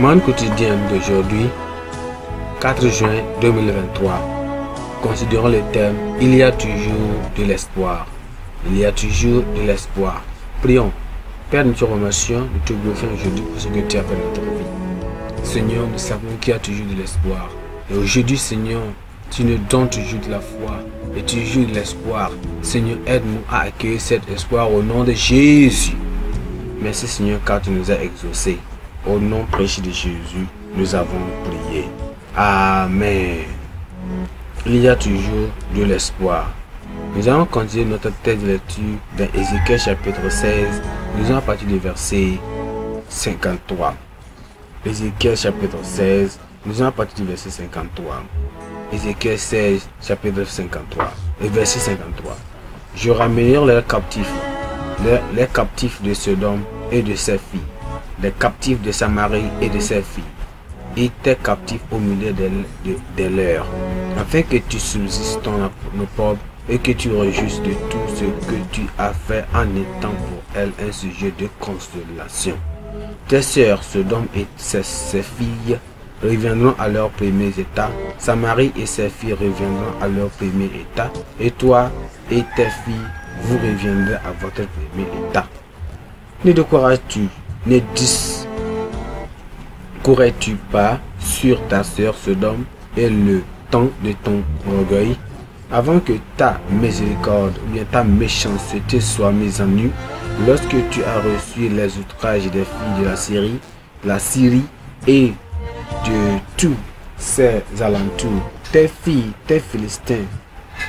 Monde quotidien d'aujourd'hui, 4 juin 2023. Considérons le thème Il y a toujours de l'espoir. Il y a toujours de l'espoir. Prions. Père, nous te remercions, nous te glorifier aujourd'hui pour ce que tu as fait dans vie. Seigneur, nous savons qu'il y a toujours de l'espoir. Et aujourd'hui, Seigneur, tu nous donnes toujours de la foi et toujours de l'espoir. Seigneur, aide-nous à accueillir cet espoir au nom de Jésus. Merci Seigneur car tu nous as exaucés. Au nom prêché de Jésus, nous avons prié. Amen. Il y a toujours de l'espoir. Nous allons continuer notre tête de lecture dans Ézéchiel chapitre 16. Nous allons partir du verset 53. Ézéchiel chapitre 16. Nous allons partir du verset 53. Ézéchiel 16, chapitre 53. Et verset 53. Je ramènerai leurs captifs, les captifs de homme et de ses filles les captifs de Samarie et de ses filles, étaient captifs au milieu de, de, l'heure, afin que tu subsistes ton pauvres et que tu réjouisses de tout ce que tu as fait en étant pour elles un sujet de consolation. Tes sœurs, Sodome et ses, ses filles, reviendront à leur premiers état, Samarie et ses filles reviendront à leur premier état, et toi et tes filles, vous reviendrez à votre premier état. Ne décourages-tu ne courrais tu pas sur ta sœur Sodome et le temps de ton orgueil avant que ta miséricorde ou bien ta méchanceté soit mise en nu, lorsque tu as reçu les outrages des filles de la Syrie, la Syrie et de tous ses alentours, tes filles, tes Philistins,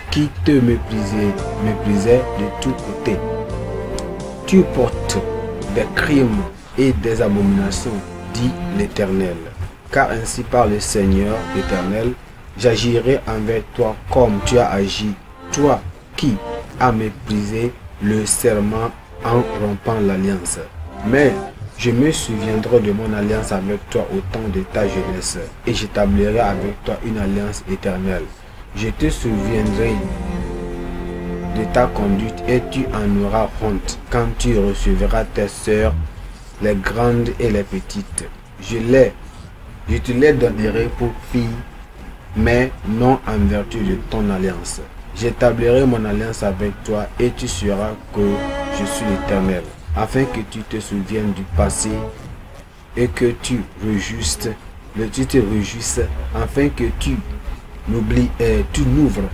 qui te méprisaient, méprisaient de tous côtés. Tu portes des crimes et des abominations, dit l'Éternel. Car ainsi par le Seigneur l'Éternel, j'agirai envers toi comme tu as agi, toi qui as méprisé le serment en rompant l'alliance. Mais je me souviendrai de mon alliance avec toi au temps de ta jeunesse, et j'établirai avec toi une alliance éternelle. Je te souviendrai de ta conduite, et tu en auras honte quand tu recevras tes sœurs les grandes et les petites. Je je te les donnerai pour fille, mais non en vertu de ton alliance. J'établirai mon alliance avec toi et tu sauras que je suis l'Éternel, afin que tu te souviennes du passé et que tu rejustes, que tu te réjouisses, afin que tu n'oublies, euh, tu n'ouvres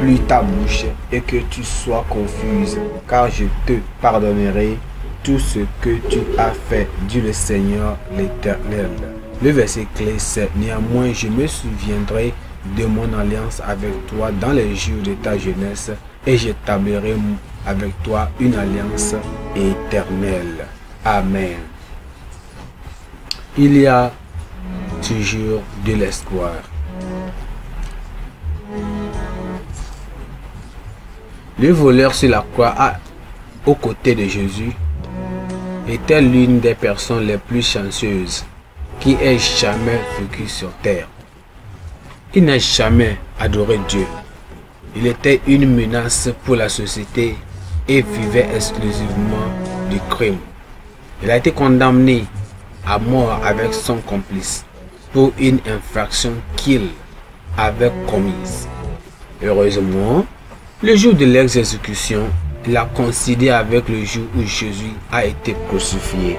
plus ta bouche et que tu sois confuse, car je te pardonnerai tout ce que tu as fait, dit le Seigneur l'Éternel. Le verset clé, c'est Néanmoins, je me souviendrai de mon alliance avec toi dans les jours de ta jeunesse, et j'établirai avec toi une alliance éternelle. Amen. Il y a toujours de l'espoir. Le voleur sur la croix a, aux côtés de Jésus, était l'une des personnes les plus chanceuses qui ait jamais vécu sur terre. Il n'a jamais adoré Dieu. Il était une menace pour la société et vivait exclusivement du crime. Il a été condamné à mort avec son complice pour une infraction qu'il avait commise. Heureusement, le jour de l'exécution, la considère avec le jour où Jésus a été crucifié.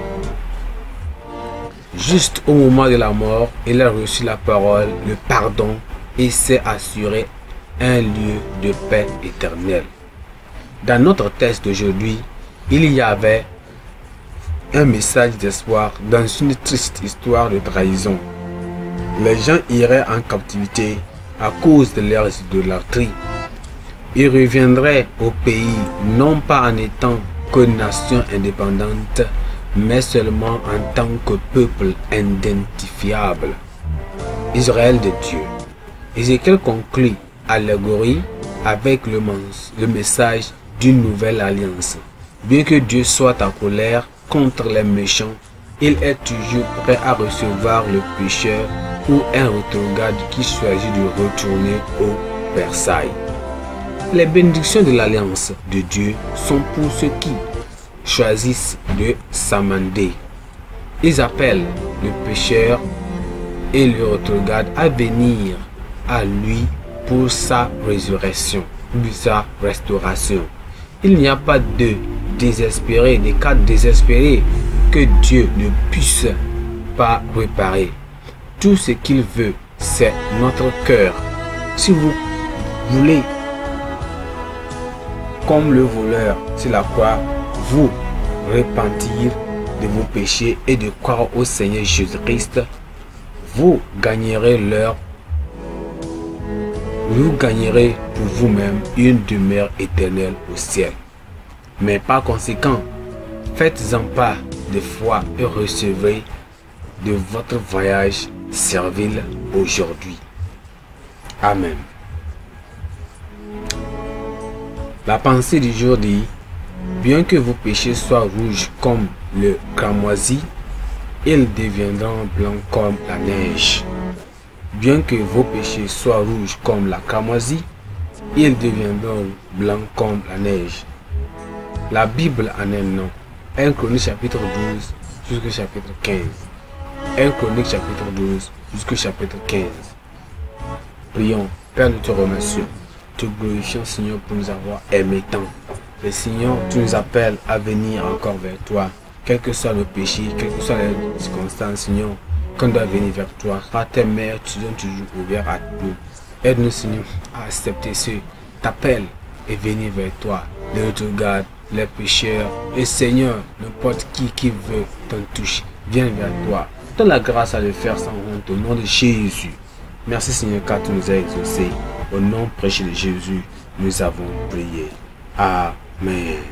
Juste au moment de la mort, il a reçu la parole, le pardon et s'est assuré un lieu de paix éternelle. Dans notre texte d'aujourd'hui, il y avait un message d'espoir dans une triste histoire de trahison. Les gens iraient en captivité à cause de de idolâtries. Il reviendrait au pays non pas en étant que nation indépendante, mais seulement en tant que peuple identifiable. Israël de Dieu. Ézéchiel conclut allégorie avec le, le message d'une nouvelle alliance. Bien que Dieu soit en colère contre les méchants, il est toujours prêt à recevoir le pécheur ou un retourgade qui choisit de retourner au Versailles. Les bénédictions de l'alliance de Dieu sont pour ceux qui choisissent de s'amender. Ils appellent le pécheur et le regarde à venir à lui pour sa résurrection, pour sa restauration. Il n'y a pas de désespéré, des cas désespérés que Dieu ne puisse pas réparer. Tout ce qu'il veut, c'est notre cœur. Si vous voulez le voleur c'est la croix, vous repentir de vos péchés et de croire au Seigneur Jésus-Christ, vous gagnerez leur vous gagnerez pour vous-même une demeure éternelle au ciel. Mais par conséquent, faites-en pas de foi et recevez de votre voyage servile aujourd'hui. Amen. La pensée du jour dit, bien que vos péchés soient rouges comme le cramoisi, ils deviendront blancs comme la neige. Bien que vos péchés soient rouges comme la cramoisi, ils deviendront blancs comme la neige. La Bible en un nom. 1 Chronique chapitre 12 jusqu'au chapitre 15. 1 Chronique chapitre 12 jusqu'au chapitre 15. Prions, Père, nous te remercions te Seigneur, pour nous avoir aimé tant. Et Seigneur, tu nous appelles à venir encore vers toi. Quel que soit le péché, quelles que soit les circonstances, Seigneur, qu'on doit venir vers toi. Par tes mères, tu donnes toujours ouvert à nous. Aide-nous, Seigneur, à accepter ce t'appelle et venir vers toi. Les gardes, les pécheurs, et Seigneur, n'importe qui qui veut t'en toucher, viens vers toi. Donne la grâce à le faire sans honte au nom de Jésus. Merci Seigneur car tu nous as exaucés. Au nom prêché de Jésus, nous avons prié. Amen.